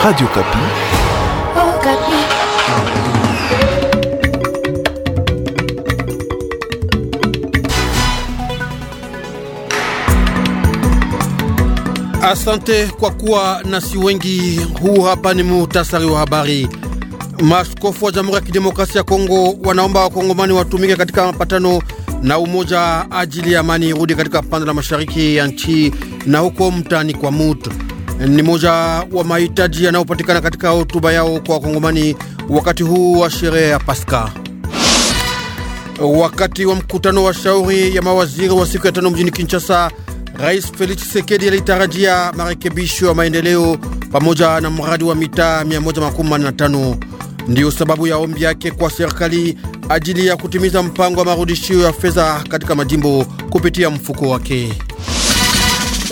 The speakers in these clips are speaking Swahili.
Radio Kapi. Oh, Kapi. Asante kwa kuwa nasi wengi. Huu hapa ni muhtasari wa habari. Maaskofu wa Jamhuri ya Kidemokrasia ya Kongo wanaomba wakongomani watumike katika mapatano na umoja ajili ya amani irudi katika pande la mashariki ya nchi na huko mtani kwa mutu ni moja wa mahitaji yanayopatikana katika hotuba yao kwa wakongomani wakati huu wa sherehe ya paska Wakati wa mkutano wa shauri ya mawaziri wa siku ya tano mjini Kinshasa, Rais Felix Tshisekedi alitarajia marekebisho ya maendeleo pamoja na mradi wa mitaa 115. Ndiyo sababu ya ombi yake kwa serikali ajili ya kutimiza mpango wa marudishio ya fedha katika majimbo kupitia mfuko wake.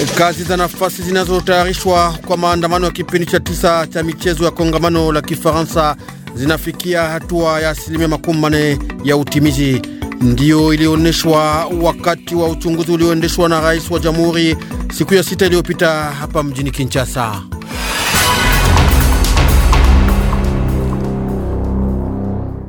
Kazi za nafasi zinazotayarishwa kwa maandamano ya kipindi cha tisa cha michezo ya kongamano la Kifaransa zinafikia hatua ya asilimia makumi manne ya utimizi. Ndiyo ilionyeshwa wakati wa uchunguzi ulioendeshwa na rais wa jamhuri siku ya sita iliyopita hapa mjini Kinshasa.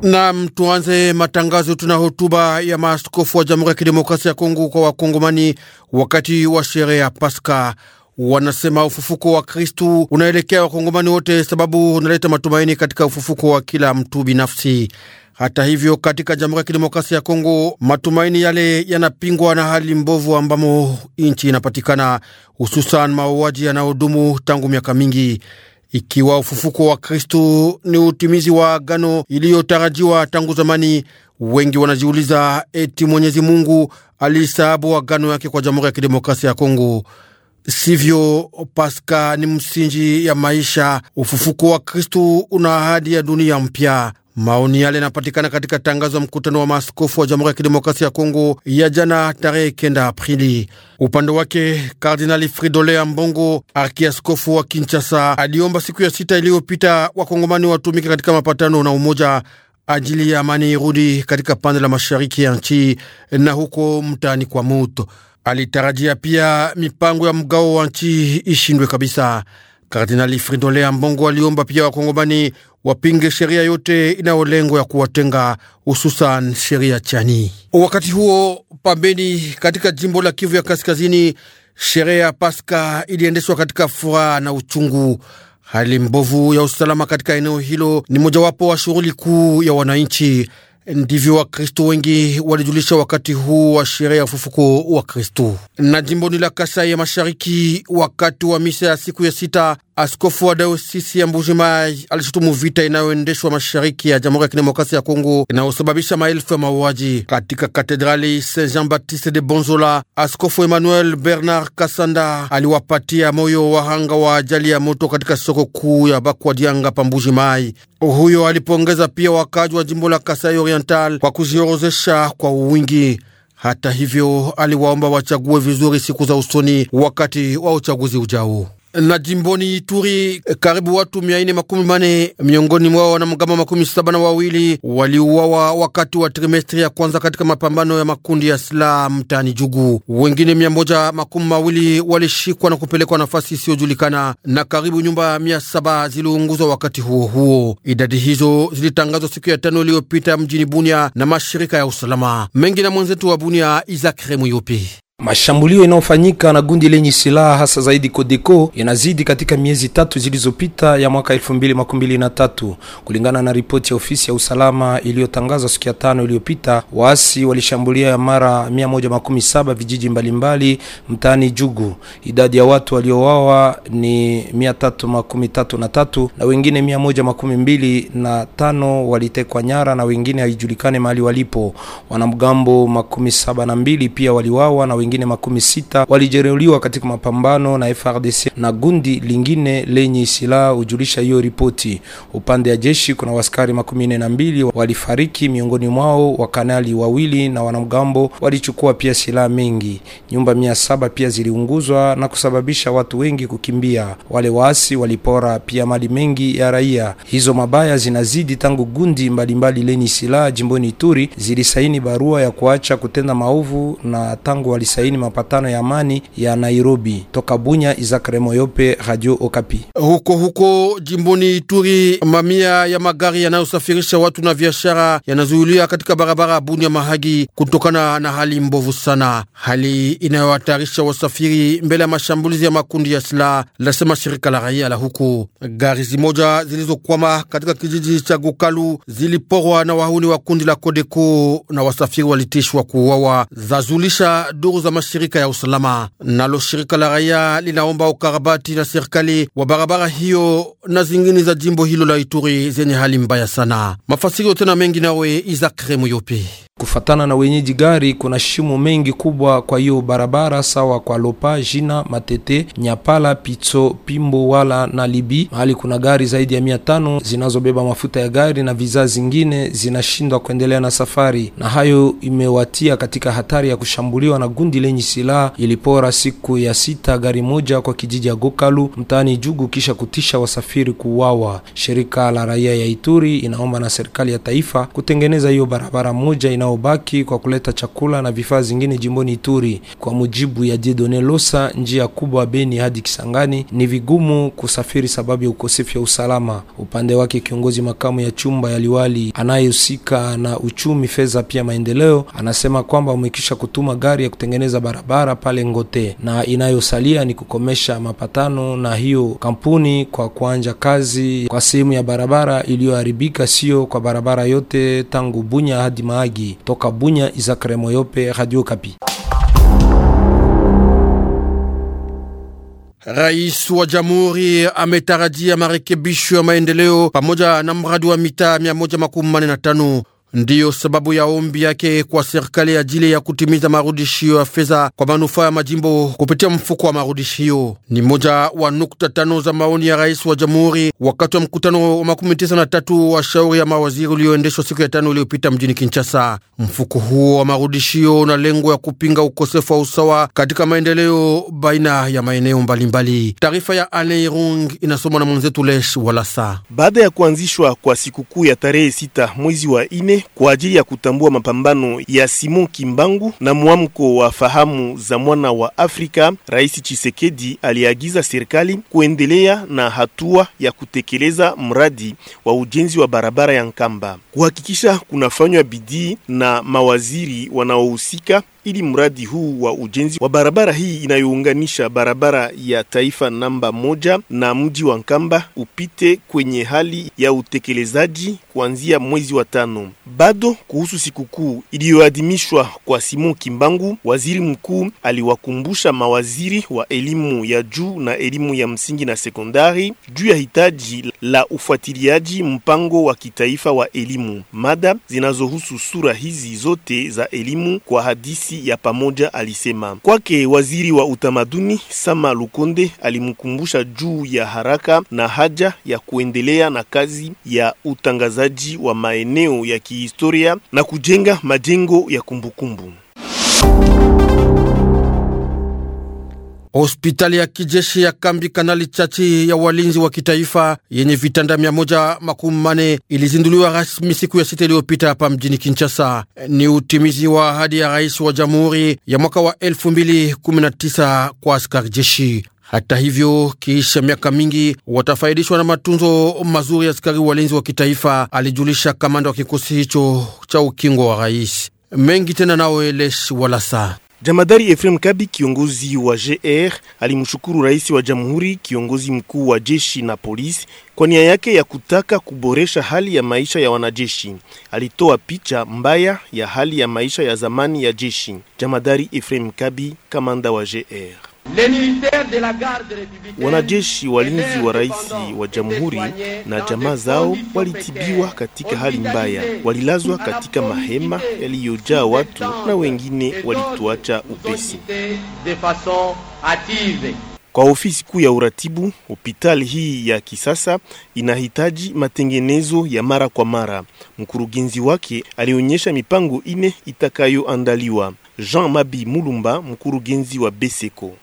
Nam, tuanze matangazo. Tuna hotuba ya maaskofu wa Jamhuri ya Kidemokrasia ya Kongo kwa Wakongomani wakati wa sherehe ya Paska. Wanasema ufufuko wa Kristu unaelekea Wakongomani wote, sababu unaleta matumaini katika ufufuko wa kila mtu binafsi. Hata hivyo, katika Jamhuri ya Kidemokrasia ya Kongo matumaini yale yanapingwa na hali mbovu ambamo nchi inapatikana, hususan mauaji yanayodumu tangu miaka mingi ikiwa ufufuko wa Kristu ni utimizi wa agano iliyotarajiwa tangu zamani. Wengi wanajiuliza eti Mwenyezi Mungu alisahabu agano yake kwa Jamhuri ya Kidemokrasia ya Kongo. Sivyo, Paska ni msingi ya maisha. Ufufuko wa Kristu una ahadi ya dunia mpya. Maoni yale yanapatikana katika tangazo ya mkutano wa maaskofu wa Jamhuri ya Kidemokrasia ya Kongo ya jana tarehe kenda Aprili. Upande wake, Kardinali Fridole Ambongo, arkiaskofu wa Kinshasa, aliomba siku ya sita iliyopita wakongomani watumike katika mapatano na umoja ajili ya amani irudi katika pande la mashariki ya nchi na huko mtaani kwa Muto. Alitarajia pia mipango ya mgao wa nchi ishindwe kabisa. Kardinali Fridole Ambongo aliomba pia wakongomani wapinge sheria yote lengo ya kuwatenga hususan sheria chani. Wakati huo pambeni, katika jimbo la Kivu ya Kaskazini, sherehe ya Paska iliendeshwa katika furaha na uchungu. Hali mbovu ya usalama katika eneo hilo ni mojawapo wa shughuli kuu ya wananchi, ndivyo Wakristo wengi walijulisha wakati huu wa sherehe ya ufufuko wa Kristu. Na jimboni la Kasai ya Mashariki, wakati wa misa ya siku ya sita, Askofu wa dayosisi ya Mbujimai alishutumu vita inayoendeshwa mashariki ya Jamhuri ya Kidemokrasia ya Kongo inayosababisha maelfu ya mauaji katika katedrali Saint Jean Baptiste de Bonzola. Askofu Emmanuel Bernard Kasanda aliwapatia moyo wahanga wa ajali ya moto katika soko kuu ya Bakwadianga pa Mbujimai. Huyo alipongeza pia wakaaji wa jimbo la Kasai Oriental kwa kujiorozesha kwa uwingi Hata hivyo, aliwaomba wachague vizuri siku za usoni wakati wa uchaguzi ujao na jimboni Ituri karibu watu mia makumi mane miongoni mwao mgama makumi saba na wawili waliuawa wakati wa trimestri ya kwanza katika mapambano ya makundi ya silaha mtaani Jugu. Wengine mia moja makumi mawili walishikwa na kupelekwa nafasi isiyojulikana na karibu nyumba mia saba ziliunguzwa wakati huo huo. Idadi hizo zilitangazwa siku ya tano iliyopita mjini Bunia na mashirika ya usalama mengi na mwenzetu wa Bunia Isaac Remuyope. Mashambulio yanayofanyika na gundi lenye silaha hasa zaidi Kodeko yanazidi katika miezi tatu zilizopita ya mwaka 2023 kulingana na ripoti ya ofisi ya usalama iliyotangazwa siku ya tano iliyopita. Waasi walishambulia mara 117 vijiji mbalimbali mtaani Jugu. Idadi ya watu waliowawa ni 333 na wengine 125 walitekwa nyara na wengine haijulikane mahali walipo. Wanamgambo 72 pia waliwawa na wengine makumi sita walijeruhiwa katika mapambano na FRDC na gundi lingine lenye silaha, hujulisha hiyo ripoti. Upande ya jeshi kuna waskari makumi nne na mbili walifariki, miongoni mwao wakanali wawili na wanamgambo walichukua pia silaha mengi. Nyumba mia saba pia ziliunguzwa na kusababisha watu wengi kukimbia. Wale waasi walipora pia mali mengi ya raia. Hizo mabaya zinazidi tangu gundi mbalimbali lenye silaha jimboni Ituri zilisaini barua ya kuacha kutenda maovu na tangu walisaini kusaini mapatano ya amani ya Nairobi. Toka Bunya, Isaac Remoyope, Radio Okapi. Huko huko jimboni Ituri, mamia ya magari yanayosafirisha watu na biashara yanazuiliwa katika barabara Bunya Mahagi kutokana na hali mbovu sana, hali inayohatarisha wasafiri mbele ya mashambulizi ya makundi ya silaha, lasema shirika la raia la huko. Gari zimoja zilizokwama katika kijiji cha Gukalu ziliporwa na wahuni wa kundi la Kodeko na wasafiri walitishwa kuuawa, zazulisha duru za za mashirika ya usalama. Nalo shirika la raia linaomba ukarabati na serikali wa barabara hiyo na zingine za jimbo hilo la Ituri zenye hali mbaya sana. Mafasirio tena mengi nawe Izakre yupi Kufatana na wenyeji gari, kuna shimo mengi kubwa kwa hiyo barabara sawa kwa Lopa, Jina, Matete, Nyapala, Pitso, Pimbo wala na Libi, mahali kuna gari zaidi ya mia tano zinazobeba mafuta ya gari na vizaa zingine zinashindwa kuendelea na safari, na hayo imewatia katika hatari ya kushambuliwa na gundi kundi lenye silaha ilipora siku ya sita gari moja kwa kijiji ya Gokalu mtaani Jugu kisha kutisha wasafiri kuuawa. Shirika la raia ya Ituri inaomba na serikali ya taifa kutengeneza hiyo barabara moja inayobaki kwa kuleta chakula na vifaa zingine jimboni Ituri. Kwa mujibu ya Jedone Losa, njia kubwa Beni hadi Kisangani ni vigumu kusafiri sababu ya ukosefu wa usalama. Upande wake kiongozi makamu ya chumba ya liwali anayehusika na uchumi, fedha pia maendeleo, anasema kwamba umekisha kutuma gari ya kutengeneza kutengeneza barabara pale Ngote, na inayosalia ni kukomesha mapatano na hiyo kampuni kwa kuanja kazi kwa sehemu ya barabara iliyoharibika, sio kwa barabara yote tangu Bunya hadi maagi Toka Bunya, Izakare Moyope, Radio Kapi. Rais wa jamhuri ametarajia marekebisho ya maendeleo pamoja na mradi wa mitaa 145 Ndiyo sababu ya ombi yake kwa serikali ajili ya kutimiza marudishio ya fedha kwa manufaa ya majimbo kupitia mfuko wa marudishio. Ni moja wa nukta tano za maoni ya rais wa jamhuri wakati wa mkutano wa makumi tisa na tatu wa shauri ya mawaziri ulioendeshwa siku ya tano iliyopita mjini Kinshasa. Mfuko huo wa marudishio una lengo ya kupinga ukosefu wa usawa katika maendeleo baina ya maeneo mbalimbali. Taarifa ya Alain Irung inasomwa na mwenzetu Lesh Walasa. Baada ya kuanzishwa kwa sikukuu ya tarehe sita mwezi wa ine kwa ajili ya kutambua mapambano ya Simon Kimbangu na mwamko wa fahamu za mwana wa Afrika, Rais Chisekedi aliagiza serikali kuendelea na hatua ya kutekeleza mradi wa ujenzi wa barabara ya Nkamba, kuhakikisha kunafanywa bidii na mawaziri wanaohusika ili mradi huu wa ujenzi wa barabara hii inayounganisha barabara ya taifa namba moja na mji wa Nkamba upite kwenye hali ya utekelezaji kuanzia mwezi wa tano. Bado kuhusu sikukuu iliyoadhimishwa kwa Simon Kimbangu, waziri mkuu aliwakumbusha mawaziri wa elimu ya juu na elimu ya msingi na sekondari juu ya hitaji la ufuatiliaji mpango wa kitaifa wa elimu. Mada zinazohusu sura hizi zote za elimu kwa hadisi nafasi ya pamoja alisema. Kwake waziri wa utamaduni Sama Lukonde alimkumbusha juu ya haraka na haja ya kuendelea na kazi ya utangazaji wa maeneo ya kihistoria na kujenga majengo ya kumbukumbu. Hospitali ya kijeshi ya kambi Kanali Chachi ya walinzi wa kitaifa yenye vitanda mia moja makumi mane ilizinduliwa rasmi siku ya sita iliyopita hapa mjini Kinshasa. Ni utimizi wa ahadi ya rais wa jamhuri ya mwaka wa 2019 kwa askari jeshi. Hata hivyo, kiisha miaka mingi watafaidishwa na matunzo mazuri ya askari walinzi wa kitaifa, alijulisha kamanda wa kikosi hicho cha ukingo wa rais. Mengi tena nao Elesh Walasa. Jamadari Efrem Kabi, kiongozi wa GR, alimshukuru rais wa jamhuri, kiongozi mkuu wa jeshi na polisi kwa nia yake ya kutaka kuboresha hali ya maisha ya wanajeshi. Alitoa picha mbaya ya hali ya maisha ya zamani ya jeshi. Jamadari Efrem Kabi, kamanda wa GR. Wanajeshi walinzi wa rais wa jamhuri na jamaa zao walitibiwa katika hali mbaya, walilazwa katika mahema yaliyojaa watu na wengine walituacha upesi. Kwa ofisi kuu ya uratibu, hospitali hii ya kisasa inahitaji matengenezo ya mara kwa mara. Mkurugenzi wake alionyesha mipango ine itakayoandaliwa. Jean Mabi Mulumba, mkurugenzi wa Beseko.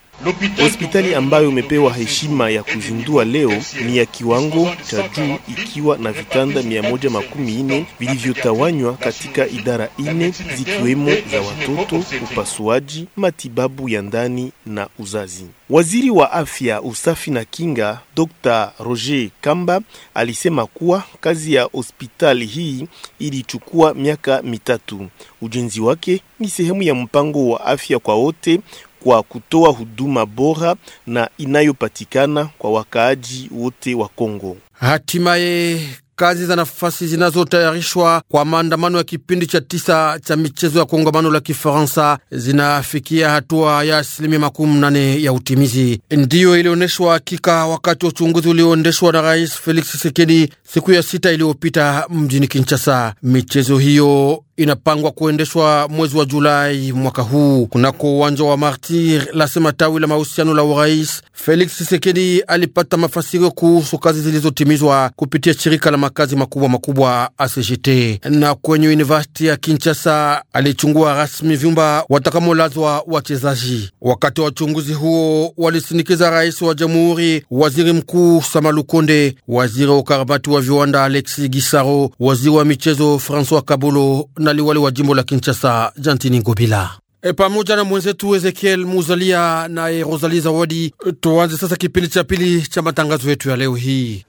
Hospitali ambayo umepewa heshima ya kuzindua leo ni ya kiwango cha juu ikiwa na vitanda 114 vilivyotawanywa katika idara ine zikiwemo za watoto, upasuaji, matibabu ya ndani na uzazi. Waziri wa afya, usafi na kinga Dr. Roger Kamba alisema kuwa kazi ya hospitali hii ilichukua miaka mitatu. Ujenzi wake ni sehemu ya mpango wa afya kwa wote kwa kutoa huduma bora na inayopatikana kwa wakaaji wote wa Kongo. Hatimaye kazi za nafasi zinazotayarishwa kwa maandamano ya kipindi cha tisa cha michezo ya kongamano la Kifaransa zinafikia hatua ya asilimia makumi nane ya utimizi, ndiyo ilionyeshwa hakika wakati wa uchunguzi ulioendeshwa na Rais Felix Tshisekedi siku ya sita iliyopita mjini Kinshasa. Michezo hiyo inapangwa kuendeshwa mwezi wa Julai mwaka huu kunako uwanja wa Martir, lasema tawi la mahusiano la urais. Felix Tshisekedi alipata mafasirio kuhusu kazi zilizotimizwa kupitia shirika la makazi makubwa makubwa ACGT na kwenye universiti ya Kinshasa alichungua rasmi vyumba watakamolazwa wachezaji. Wakati wa uchunguzi huo walisindikiza rais wa jamhuri, waziri mkuu Sama Lukonde, waziri wa ukarabati wa viwanda Alexi Gisaro, waziri wa michezo Francois Kabolo na liwali wa jimbo la Kinshasa Jantini Ngobila. E, pamoja na mwenzetu Ezekiel Muzalia naye Rosali Zawadi. E, tuanze sasa kipindi cha pili cha matangazo yetu ya leo hii.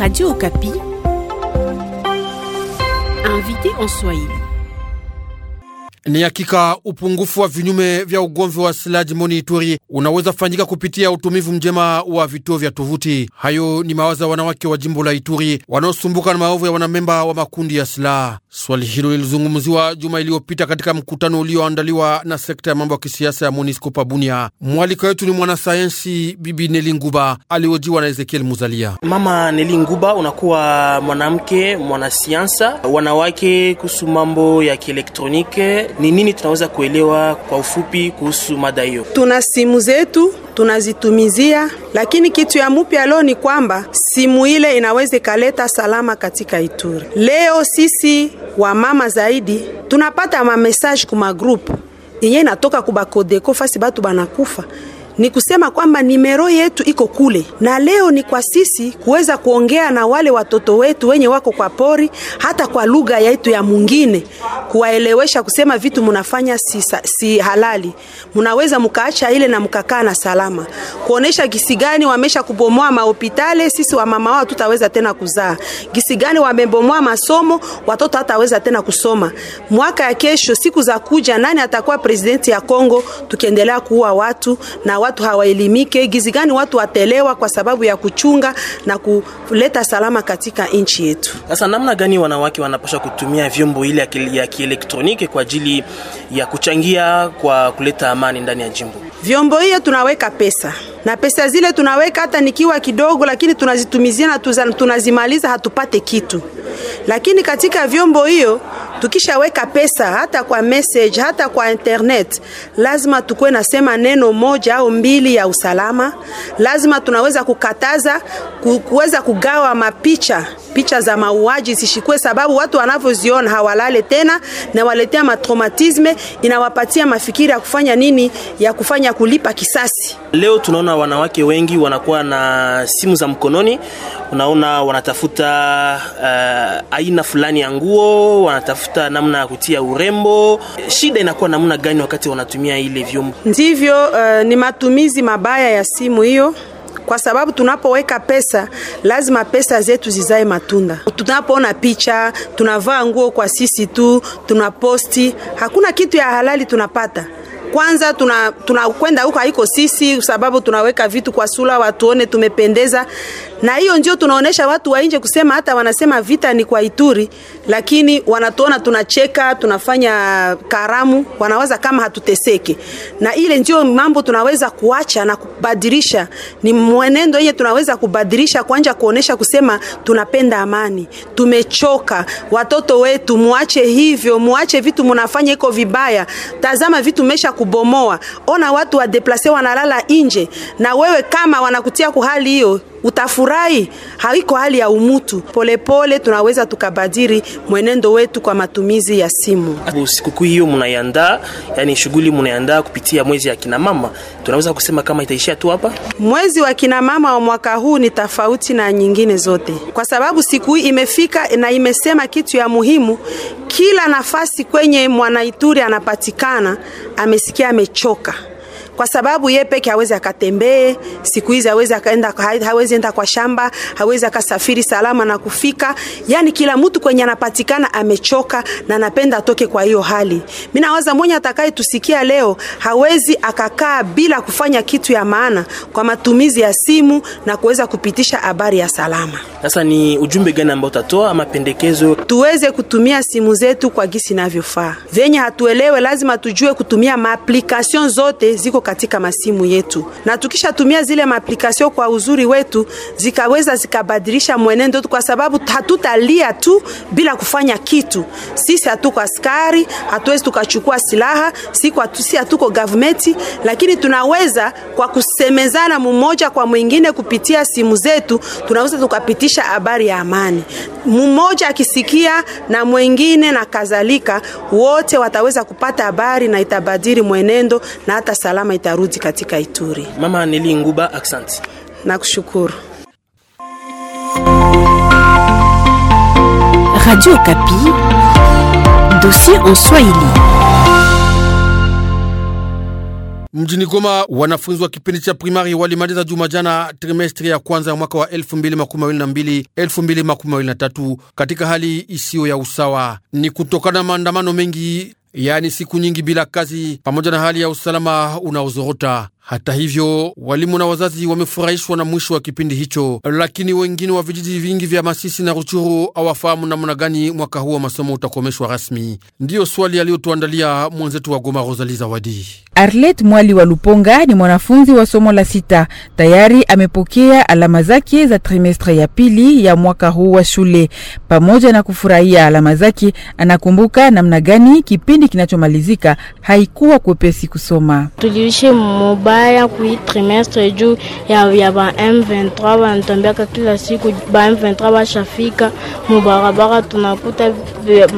Radio Okapi, invité en Swahili. Ni hakika upungufu wa vinyume vya ugomvi wa silaha jimboni Ituri unaweza fanyika kupitia utumivu mjema wa vituo vya tovuti. Hayo ni mawaza wanawake wa jimbo la Ituri wanaosumbuka na maovu ya wanamemba wa makundi ya silaha. Swali hilo lilizungumziwa juma iliyopita katika mkutano ulioandaliwa na sekta ya mambo ya kisiasa ya MONUSCO pa Bunia. wetu ni mwanasayansi Bibi Neli Nguba, aliojiwa na Ezekiel Muzalia. Mama Neli Nguba, unakuwa mwanamke mwanasiansa, wanawake kuhusu mambo ya kielektronike ni nini tunaweza kuelewa kwa ufupi kuhusu mada hiyo? Tuna simu zetu tunazitumizia, lakini kitu ya mupya leo ni kwamba simu ile inaweza ikaleta salama katika Ituri. Leo sisi wa mama zaidi tunapata mamesaje ku group yenye inatoka kubakodeko fasi batu banakufa ni kusema kwamba nimero yetu iko kule, na leo ni kwa sisi kuweza kuongea na wale watoto wetu wenye wako kwa pori, hata kwa lugha yetu ya mwingine, kuwaelewesha kusema vitu mnafanya si, si halali, Mnaweza mkaacha ile na mkakaa na salama, kuonesha gisi gani wamesha kubomoa mahopitale. Sisi wamama wao tutaweza tena kuzaa gisi gani, wamebomoa masomo, watoto hataweza tena kusoma. Mwaka ya kesho, siku za kuja, nani atakuwa presidenti ya Kongo tukiendelea kuua watu na watu watu hawaelimike, gizi gani watu watelewa kwa sababu ya kuchunga na kuleta salama katika nchi yetu. Sasa namna gani wanawake wanapaswa kutumia vyombo ile ya kielektroniki kwa ajili ya kuchangia kwa kuleta amani ndani ya jimbo? Vyombo hiyo tunaweka pesa na pesa zile tunaweka hata nikiwa kidogo, lakini tunazitumizia na tunazimaliza, hatupate kitu. Lakini katika vyombo hiyo tukishaweka pesa, hata kwa message, hata kwa internet, lazima tukuwe nasema neno moja au mbili ya usalama. Lazima tunaweza kukataza kuweza kugawa mapicha picha za mauaji zishikwe, sababu watu wanavyoziona hawalale tena, na waletea matraumatisme, inawapatia mafikiri ya kufanya nini, ya kufanya kulipa kisasi. Leo tunaona wanawake wengi wanakuwa na simu za mkononi, unaona wanatafuta uh, aina fulani ya nguo, wanatafuta namna ya kutia urembo. Shida inakuwa namna gani wakati wanatumia ile vyombo? Ndivyo uh, ni matumizi mabaya ya simu hiyo kwa sababu tunapoweka pesa lazima pesa zetu zizae matunda. Tunapoona picha, tunavaa nguo kwa sisi tu, tunaposti, hakuna kitu ya halali tunapata. Kwanza tunakwenda tuna huko haiko sisi, sababu tunaweka vitu kwa sura watuone tumependeza na hiyo ndio tunaonesha watu wa nje kusema, hata wanasema vita ni kwa Ituri, lakini wanatuona tunacheka, tunafanya karamu, wanawaza kama hatuteseki. Na ile ndio mambo tunaweza kuacha na kubadilisha, ni mwenendo yenye tunaweza kubadilisha, kwanza kuonesha kusema tunapenda amani, tumechoka. Watoto wetu muache hivyo, muache vitu mnafanya iko vibaya. Tazama vitu mesha kubomoa, ona watu wa deplase wanalala nje, na wewe kama wanakutia kuhali hiyo utafurahi, haiko hali ya umutu. Polepole tunaweza tukabadiri mwenendo wetu kwa matumizi ya simu. Sikukuu hiyo mnaiandaa, yani shughuli mnaiandaa kupitia mwezi ya kina mama, tunaweza kusema kama itaishia tu hapa. Mwezi wa kina mama wa mwaka huu ni tofauti na nyingine zote, kwa sababu siku hii imefika na imesema kitu ya muhimu. Kila nafasi kwenye Mwanaituri anapatikana, amesikia amechoka kwa sababu yeye peke hawezi akatembee siku hizi, hawezi akaenda, hawezi enda kwa shamba, hawezi akasafiri salama na kufika. Yani kila mtu kwenye anapatikana amechoka na anapenda atoke. Kwa hiyo hali mimi nawaza mmoja atakaye tusikia leo hawezi akakaa bila kufanya kitu ya maana kwa matumizi ya simu na kuweza kupitisha habari ya salama. Sasa ni ujumbe gani ambao utatoa ama pendekezo? Tuweze kutumia simu zetu kwa gisi inavyofaa. Venye hatuelewe lazima tujue kutumia maaplikasyon zote ziko katika masimu yetu, na tukishatumia zile maaplikasio kwa uzuri wetu, zikaweza zikabadilisha mwenendo, kwa sababu hatutalia tu bila kufanya kitu. Sisi hatuko askari, hatuwezi tukachukua silaha, si kwa sisi hatuko government, lakini tunaweza kwa kusemezana mmoja kwa mwingine kupitia simu zetu, tunaweza tukapitisha habari ya amani, mmoja akisikia na mwingine na kadhalika, wote wataweza kupata habari na itabadili mwenendo na hata salama itarudi katika Ituri. Mama Aneli Nguba, aksanti. Nakushukuru. Radio Okapi, dossier en Swahili. Mjini Goma wanafunzi wa kipindi cha primari walimaliza jumajana trimestri ya kwanza ya mwaka wa 2022 2023 katika hali isiyo ya usawa. Ni kutokana na maandamano mengi yaani siku nyingi bila kazi, pamoja na hali ya usalama unaozorota. Hata hivyo, walimu na wazazi wamefurahishwa na mwisho wa kipindi hicho, lakini wengine wa vijiji vingi vya Masisi na Ruchuru hawafahamu namna gani mwaka huu wa masomo utakomeshwa rasmi. Ndiyo swali aliyotuandalia mwenzetu wa Goma, Rosali Zawadi. Arlet Mwali wa Luponga ni mwanafunzi wa somo la sita, tayari amepokea alama zake za trimestre ya pili ya mwaka huu wa shule. Pamoja na kufurahia alama zake, anakumbuka namna gani kipindi kinachomalizika haikuwa kwepesi kusoma. Tuliishi mmoba mbaya kui trimestre juu ya, ya ba M23 banatembeka kila siku, ba M23 bashafika mubarabara, tunakuta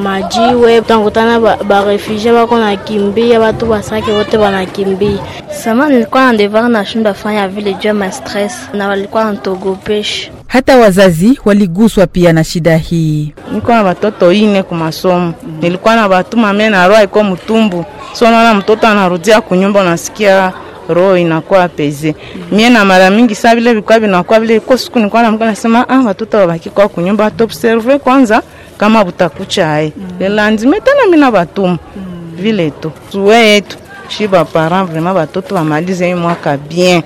majiwe, tunakutana barefugie ba bako kimbia, watu basake wote banakimbia. Sama nilikuwa na devoir na shunda fanya vile juu ma stress na walikuwa natogopesha hata wazazi waliguswa pia na shida hii. Niko na watoto ine ku masomo, nilikuwa na watu mama na roho iko mtumbu. so naona mtoto anarudia kunyumba, unasikia roho inakuwa peze Mie na mara mingi saa vile vikwa vinakuwa vile iko siku nilikuwa namka nasema ah, watoto wabaki kwa kunyumba top serve kwanza kama butakucha hai. Mm. Le lendemain tena mimi na batuma mm. vile tu. Suwe yetu shiba parents vraiment batoto bamalize mwaka bien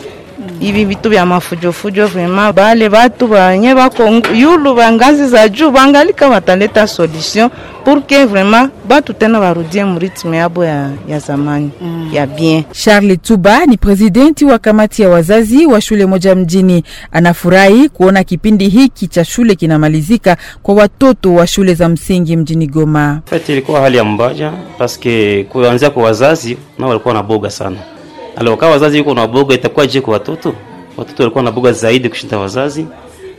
ibi vitu vya mafujofujo vrema, bale batu banye bako yulu bangazi za juu bangalika wataleta solution pour que vraiment batu tena barudie mu ritme yabo ya, ya zamani mm. ya bien. Charles Tuba ni presidenti wa kamati ya wazazi wa shule moja mjini, anafurahi kuona kipindi hiki cha shule kinamalizika kwa watoto wa shule za msingi mjini Goma. Fati ilikuwa hali ya mbaya paske kuanzia kwa wazazi nao walikuwa na boga sana alikuwa wazazi yuko na boga itakuwa je kwa watoto? Watoto walikuwa na boga zaidi kushinda wazazi,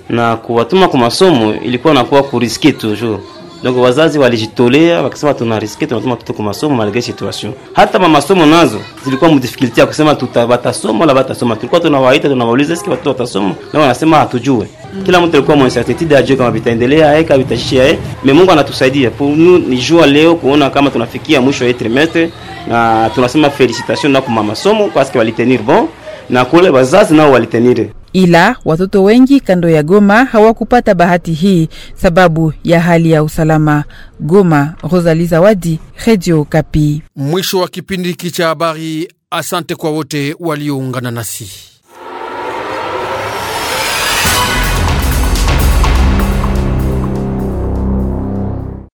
na kuwatuma kwa masomo ilikuwa nakuwa kuriski juu. Donc wazazi walijitolea wakasema, tuna riske tunatuma mtoto kwa masomo malgré situation. Hata mama masomo nazo zilikuwa mu difficulty ya kusema tutabatasoma la batasoma, tulikuwa tunawaita tunawauliza, eske watoto watasoma, na wanasema hatujue. Mm. Kila mtu alikuwa mwenye certitude ajue kama vitaendelea yeye eh, kama vitashia yeye. Eh. Mais Mungu anatusaidia pour nous ni jua leo kuona kama tunafikia mwisho wa trimestre, na tunasema felicitation na kwa mama masomo kwa sababu walitenir bon na kule wazazi nao walitenire ila watoto wengi kando ya Goma hawakupata bahati hii sababu ya hali ya usalama. Goma, Rosalie Zawadi, Radio Kapi. Mwisho wa kipindi hiki cha habari. Asante kwa wote walioungana nasi.